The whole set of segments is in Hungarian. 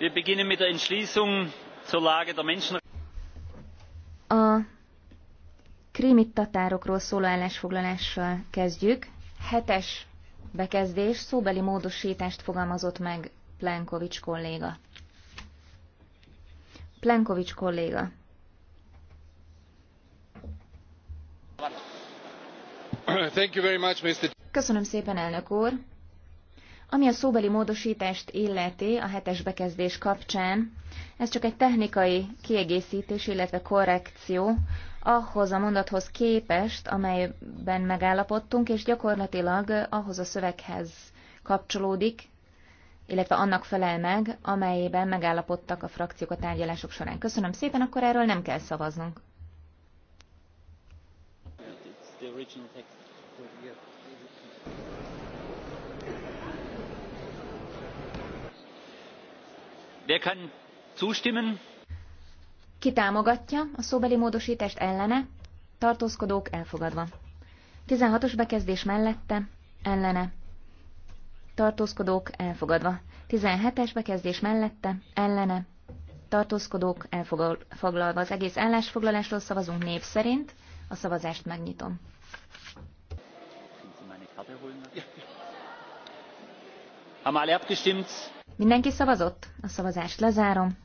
Wir beginnen mit der Entschließung zur Lage der A krími tatárokról szóló állásfoglalással kezdjük. Hetes bekezdés szóbeli módosítást fogalmazott meg Plenkovics kolléga. Plenkovics kolléga. Thank you very much, Mr. Köszönöm szépen, elnök úr! Ami a szóbeli módosítást illeti a hetes bekezdés kapcsán, ez csak egy technikai kiegészítés, illetve korrekció ahhoz a mondathoz képest, amelyben megállapodtunk, és gyakorlatilag ahhoz a szöveghez kapcsolódik, illetve annak felel meg, amelyben megállapodtak a frakciók a tárgyalások során. Köszönöm szépen, akkor erről nem kell szavaznunk. Wer kann zustimmen? Ki támogatja a szóbeli módosítást ellene? Tartózkodók elfogadva. 16-os bekezdés mellette, ellene. Tartózkodók elfogadva. 17-es bekezdés mellette, ellene. Tartózkodók elfoglalva. Az egész állásfoglalásról szavazunk név szerint. A szavazást megnyitom. Haben alle abgestimmt? Mindenki szavazott? A szavazást lezárom.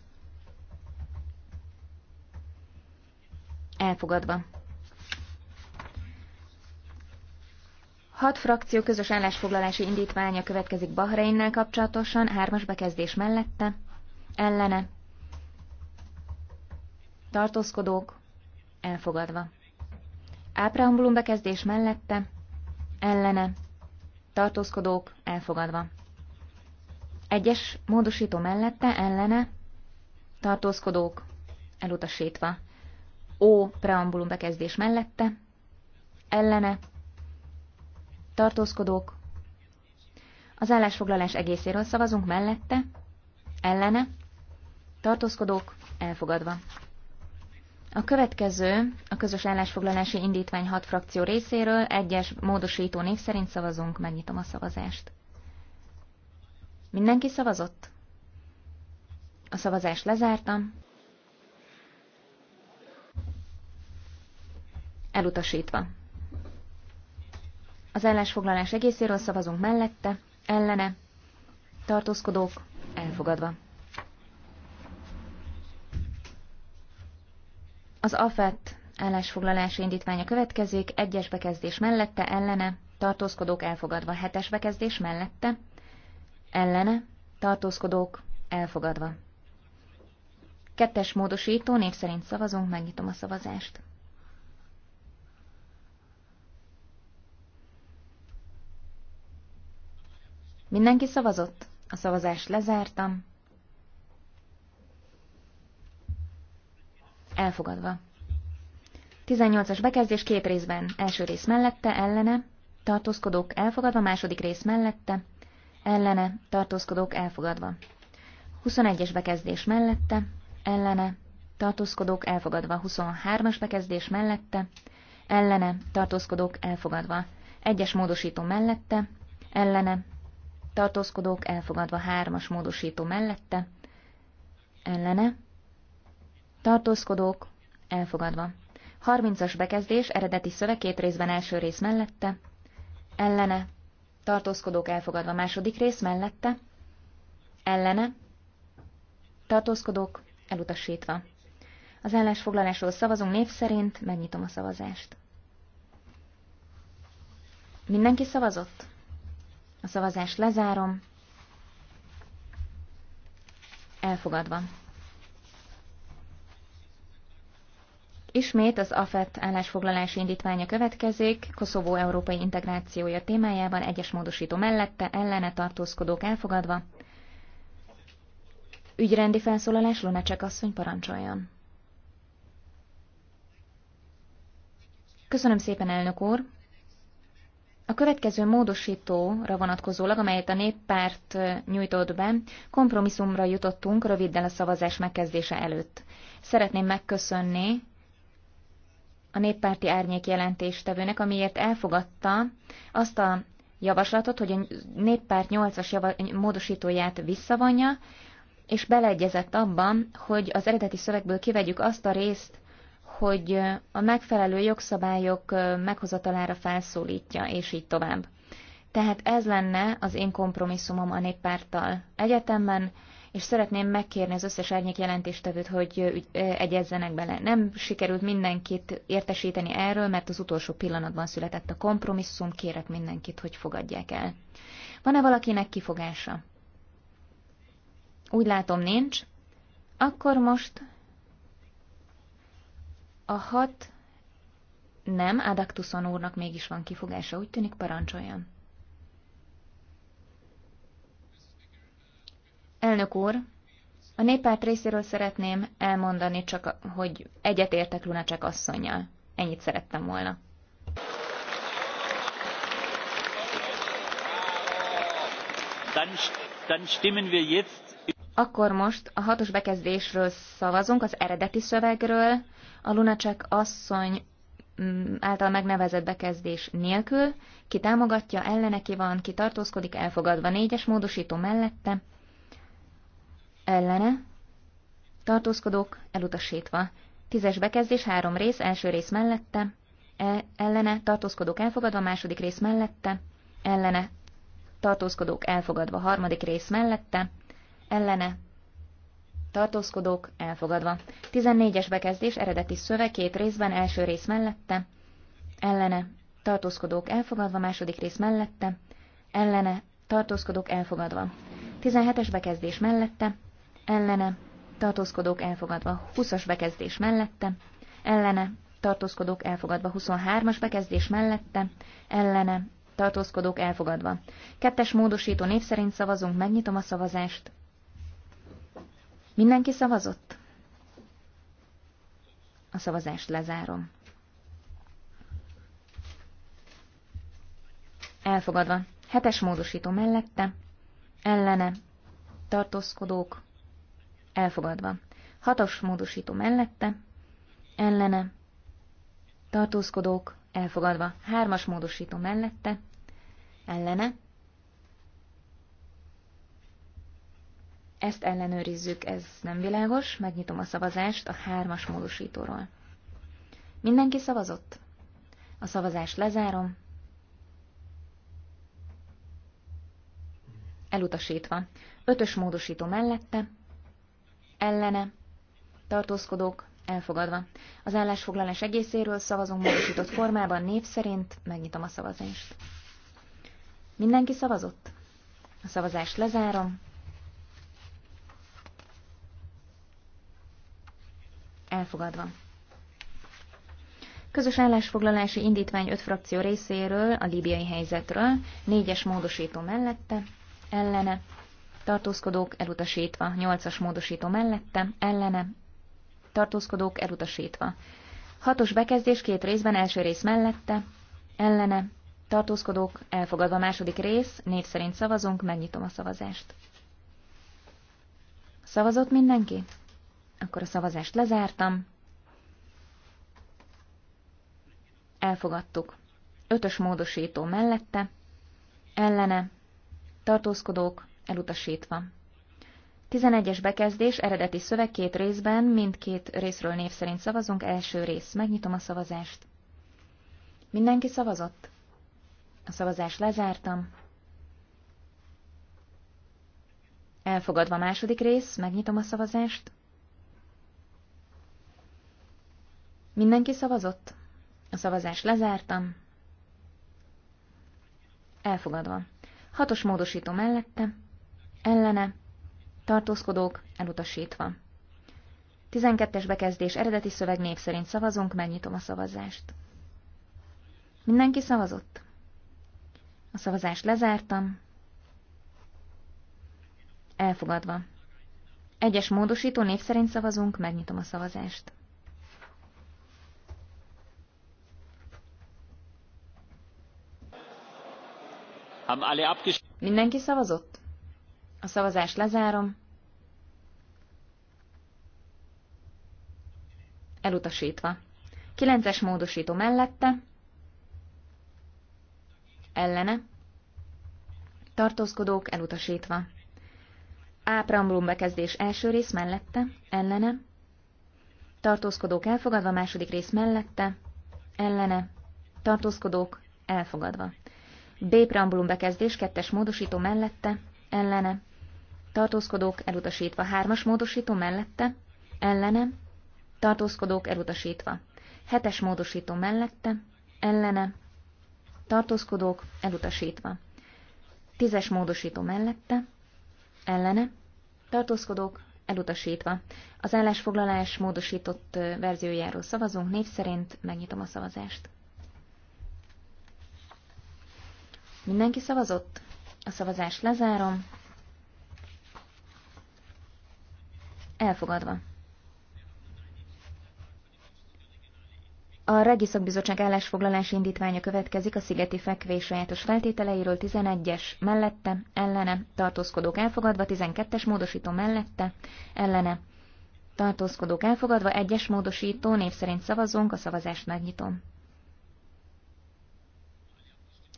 Elfogadva. Hat frakció közös állásfoglalási indítványa következik Bahreinnel kapcsolatosan, hármas bekezdés mellette, ellene, tartózkodók, elfogadva. Ápreambulum bekezdés mellette, ellene, tartózkodók, elfogadva. Egyes módosító mellette ellene tartózkodók elutasítva. Ó preambulum bekezdés mellette ellene tartózkodók. Az állásfoglalás egészéről szavazunk mellette ellene tartózkodók elfogadva. A következő a közös állásfoglalási indítvány hat frakció részéről egyes módosító név szerint szavazunk, megnyitom a szavazást. Mindenki szavazott? A szavazás lezártam. Elutasítva. Az állásfoglalás egészéről szavazunk mellette, ellene, tartózkodók, elfogadva. Az AFET állásfoglalási indítványa következik, egyes bekezdés mellette, ellene, tartózkodók elfogadva, hetes bekezdés mellette, ellene, tartózkodók elfogadva. Kettes módosító, név szerint szavazunk, megnyitom a szavazást. Mindenki szavazott? A szavazást lezártam. Elfogadva. 18-as bekezdés két részben. Első rész mellette, ellene, tartózkodók elfogadva, második rész mellette, ellene, tartózkodók elfogadva. 21-es bekezdés mellette, ellene, tartózkodók elfogadva. 23-as bekezdés mellette, ellene, tartózkodók elfogadva. Egyes módosító mellette, ellene, tartózkodók elfogadva. 3-as módosító mellette, ellene, tartózkodók elfogadva. 30-as bekezdés eredeti szöveg két részben első rész mellette, ellene, tartózkodók elfogadva. Második rész mellette, ellene, tartózkodók elutasítva. Az állásfoglalásról szavazunk név szerint, megnyitom a szavazást. Mindenki szavazott? A szavazást lezárom. Elfogadva. Ismét az AFET állásfoglalási indítványa következik, Koszovó európai integrációja témájában egyes módosító mellette, ellene tartózkodók elfogadva. Ügyrendi felszólalás Lunacek asszony parancsoljon. Köszönöm szépen, elnök úr! A következő módosítóra vonatkozólag, amelyet a néppárt nyújtott be, kompromisszumra jutottunk röviddel a szavazás megkezdése előtt. Szeretném megköszönni a néppárti árnyék jelentéstevőnek, amiért elfogadta azt a javaslatot, hogy a néppárt 8-as java- módosítóját visszavonja, és beleegyezett abban, hogy az eredeti szövegből kivegyük azt a részt, hogy a megfelelő jogszabályok meghozatalára felszólítja, és így tovább. Tehát ez lenne az én kompromisszumom a néppárttal egyetemben, és szeretném megkérni az összes árnyék jelentéstevőt, hogy egyezzenek bele. Nem sikerült mindenkit értesíteni erről, mert az utolsó pillanatban született a kompromisszum, kérek mindenkit, hogy fogadják el. Van-e valakinek kifogása? Úgy látom nincs. Akkor most a hat nem, Adaktuszon úrnak mégis van kifogása, úgy tűnik parancsoljon. Elnök úr, a néppárt részéről szeretném elmondani csak, hogy egyetértek Lunacek asszonyjal. Ennyit szerettem volna. Akkor most a hatos bekezdésről szavazunk, az eredeti szövegről, a Lunacek asszony mm, által megnevezett bekezdés nélkül, ki támogatja, ellene ki van, ki tartózkodik, elfogadva négyes módosító mellette, ellene, tartózkodók elutasítva. Tízes bekezdés három rész, első rész mellette, e, ellene, tartózkodók elfogadva, második rész mellette, ellene, tartózkodók elfogadva, harmadik rész mellette, ellene, tartózkodók elfogadva. Tizennégyes bekezdés eredeti szöveg két részben, első rész mellette, ellene, tartózkodók elfogadva, második rész mellette, ellene, tartózkodók elfogadva. 17-es bekezdés mellette, ellene, tartózkodók elfogadva 20-as bekezdés mellette, ellene, tartózkodók elfogadva 23-as bekezdés mellette, ellene, tartózkodók elfogadva. Kettes módosító név szerint szavazunk, megnyitom a szavazást. Mindenki szavazott? A szavazást lezárom. Elfogadva. Hetes módosító mellette, ellene, tartózkodók, Elfogadva. Hatos módosító mellette, ellene, tartózkodók, elfogadva. Hármas módosító mellette, ellene. Ezt ellenőrizzük, ez nem világos. Megnyitom a szavazást a hármas módosítóról. Mindenki szavazott? A szavazást lezárom. Elutasítva. Ötös módosító mellette, ellene, tartózkodók elfogadva. Az állásfoglalás egészéről szavazunk módosított formában név szerint, megnyitom a szavazást. Mindenki szavazott? A szavazást lezárom. Elfogadva. Közös állásfoglalási indítvány öt frakció részéről a líbiai helyzetről, négyes módosító mellette, ellene, tartózkodók elutasítva, nyolcas módosító mellette, ellene, tartózkodók elutasítva. hatos bekezdés két részben, első rész mellette, ellene, tartózkodók elfogadva, második rész, név szerint szavazunk, megnyitom a szavazást. Szavazott mindenki? Akkor a szavazást lezártam. Elfogadtuk. Ötös módosító mellette, ellene, tartózkodók, elutasítva. 11-es bekezdés, eredeti szöveg két részben, mindkét részről név szerint szavazunk, első rész. Megnyitom a szavazást. Mindenki szavazott? A szavazást lezártam. Elfogadva második rész, megnyitom a szavazást. Mindenki szavazott? A szavazást lezártam. Elfogadva. Hatos módosító mellette ellene, tartózkodók elutasítva. 12-es bekezdés eredeti szöveg név szerint szavazunk, megnyitom a szavazást. Mindenki szavazott? A szavazást lezártam. Elfogadva. Egyes módosító név szerint szavazunk, megnyitom a szavazást. Mindenki szavazott? A szavazást lezárom. Elutasítva. 9-es módosító mellette. Ellene. Tartózkodók elutasítva. A preambulum bekezdés első rész mellette, ellene. Tartózkodók elfogadva, második rész mellette, ellene. Tartózkodók elfogadva. B preambulum bekezdés kettes módosító mellette, ellene tartózkodók elutasítva. Hármas módosító mellette, ellene, tartózkodók elutasítva. Hetes módosító mellette, ellene, tartózkodók elutasítva. Tízes módosító mellette, ellene, tartózkodók elutasítva. Az állásfoglalás módosított verziójáról szavazunk, név szerint megnyitom a szavazást. Mindenki szavazott? A szavazást lezárom. Elfogadva. A Regi Szakbizottság állásfoglalási indítványa következik a szigeti fekvés sajátos feltételeiről 11-es mellette, ellene, tartózkodók elfogadva, 12-es módosító mellette, ellene, tartózkodók elfogadva, 1-es módosító, név szerint szavazunk, a szavazást megnyitom.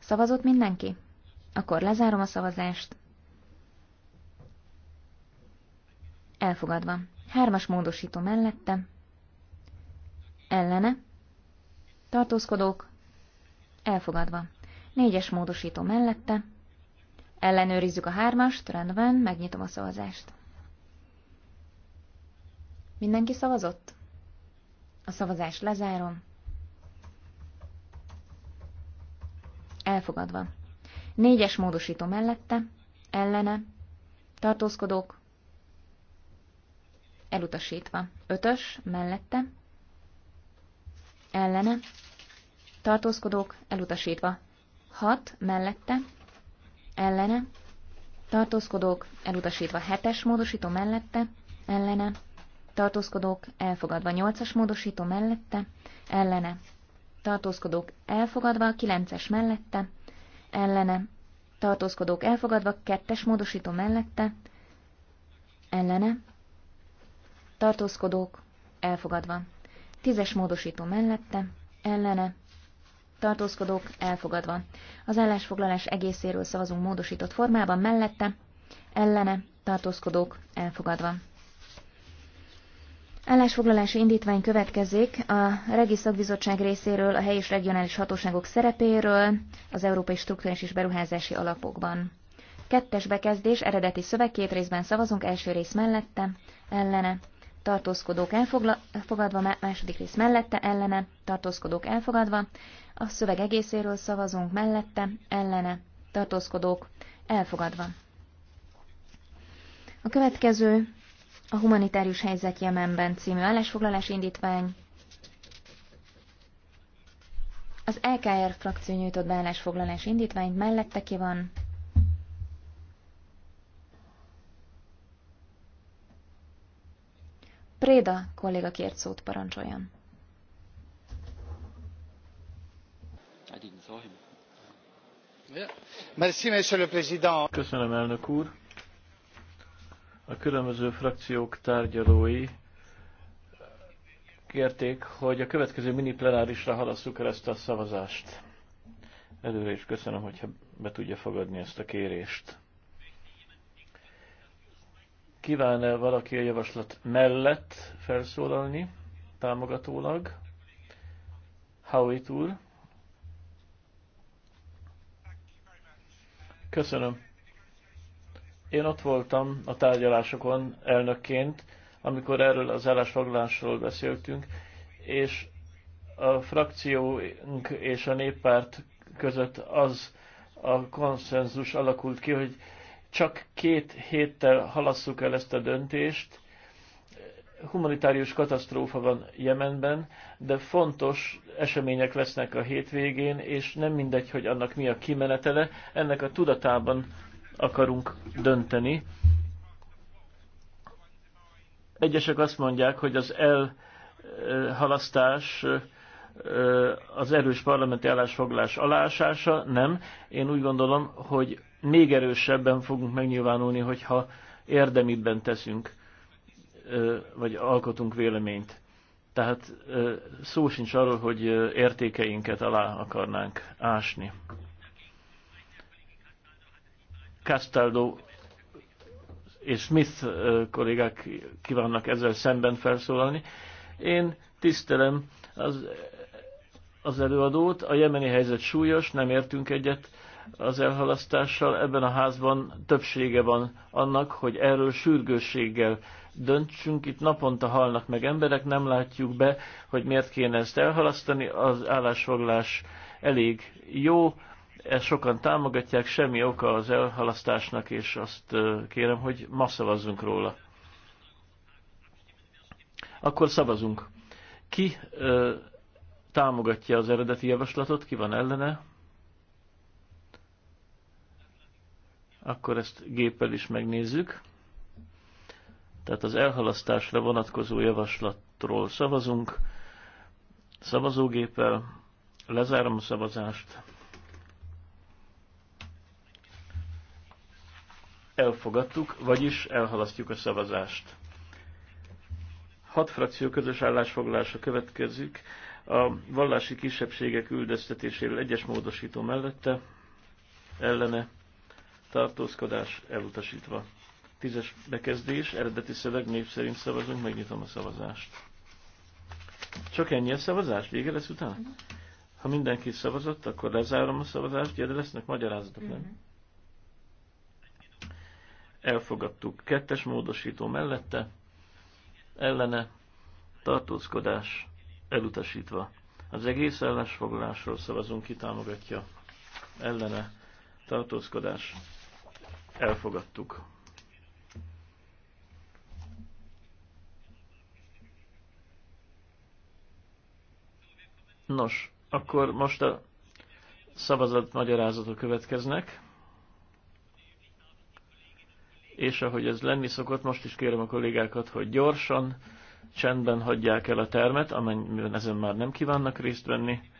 Szavazott mindenki? Akkor lezárom a szavazást. Elfogadva. Hármas módosító mellette. Ellene. Tartózkodók. Elfogadva. Négyes módosító mellette. Ellenőrizzük a hármast, rendben, megnyitom a szavazást. Mindenki szavazott? A szavazást lezárom. Elfogadva. Négyes módosító mellette, ellene, tartózkodók, elutasítva. Ötös, mellette, ellene, tartózkodók, elutasítva. Hat, mellette, ellene, tartózkodók, elutasítva. Hetes módosító mellette, ellene, tartózkodók, elfogadva. Nyolcas módosító mellette, ellene, tartózkodók, elfogadva. Kilences mellette, ellene, tartózkodók, elfogadva. Kettes módosító mellette, ellene, tartózkodók, elfogadva. Tízes módosító mellette, ellene, tartózkodók, elfogadva. Az állásfoglalás egészéről szavazunk módosított formában mellette, ellene, tartózkodók, elfogadva. Állásfoglalási indítvány következik a Regi Szakbizottság részéről, a helyi és regionális hatóságok szerepéről, az Európai Struktúrás és Beruházási Alapokban. Kettes bekezdés, eredeti szöveg, két részben szavazunk, első rész mellette, ellene, tartózkodók elfogadva, második rész mellette, ellene, tartózkodók elfogadva, a szöveg egészéről szavazunk mellette, ellene, tartózkodók elfogadva. A következő a humanitárius helyzet Jemenben című állásfoglalás indítvány. Az LKR frakció nyújtott beállásfoglalás indítványt, mellette ki van, Préda kolléga kért szót parancsoljon. Köszönöm, elnök úr. A különböző frakciók tárgyalói kérték, hogy a következő mini plenárisra halasszuk el ezt a szavazást. Előre is köszönöm, hogyha be tudja fogadni ezt a kérést. Kíván-e valaki a javaslat mellett felszólalni, támogatólag? Howitt úr. Köszönöm. Én ott voltam a tárgyalásokon elnökként, amikor erről az állásfoglalásról beszéltünk, és a frakciónk és a néppárt között az a konszenzus alakult ki, hogy csak két héttel halasszuk el ezt a döntést. Humanitárius katasztrófa van Jemenben, de fontos események lesznek a hétvégén, és nem mindegy, hogy annak mi a kimenetele. Ennek a tudatában akarunk dönteni. Egyesek azt mondják, hogy az elhalasztás az erős parlamenti állásfoglalás alásása. Nem. Én úgy gondolom, hogy még erősebben fogunk megnyilvánulni, hogyha érdemibben teszünk, vagy alkotunk véleményt. Tehát szó sincs arról, hogy értékeinket alá akarnánk ásni. Castaldo és Smith kollégák kívánnak ezzel szemben felszólalni. Én tisztelem az, az előadót, a jemeni helyzet súlyos, nem értünk egyet az elhalasztással. Ebben a házban többsége van annak, hogy erről sürgősséggel döntsünk. Itt naponta halnak meg emberek, nem látjuk be, hogy miért kéne ezt elhalasztani. Az állásfoglás elég jó, ezt sokan támogatják, semmi oka az elhalasztásnak, és azt kérem, hogy ma szavazzunk róla. Akkor szavazunk. Ki ö, támogatja az eredeti javaslatot, ki van ellene? Akkor ezt géppel is megnézzük. Tehát az elhalasztásra vonatkozó javaslatról szavazunk. Szavazógéppel lezárom a szavazást. Elfogadtuk, vagyis elhalasztjuk a szavazást. Hat frakció közös állásfoglalása következik. A vallási kisebbségek üldöztetéséről egyes módosító mellette, ellene tartózkodás elutasítva. Tízes bekezdés, eredeti szöveg, név szerint szavazunk, megnyitom a szavazást. Csak ennyi a szavazás? Vége lesz utána? Ha mindenki szavazott, akkor lezárom a szavazást, de lesznek magyarázatok, nem? Mhm. Elfogadtuk. Kettes módosító mellette, ellene, tartózkodás elutasítva. Az egész ellensfoglalásról szavazunk, ki támogatja ellene tartózkodás elfogadtuk. Nos, akkor most a szavazat magyarázatok következnek. És ahogy ez lenni szokott, most is kérem a kollégákat, hogy gyorsan, csendben hagyják el a termet, amennyiben ezen már nem kívánnak részt venni.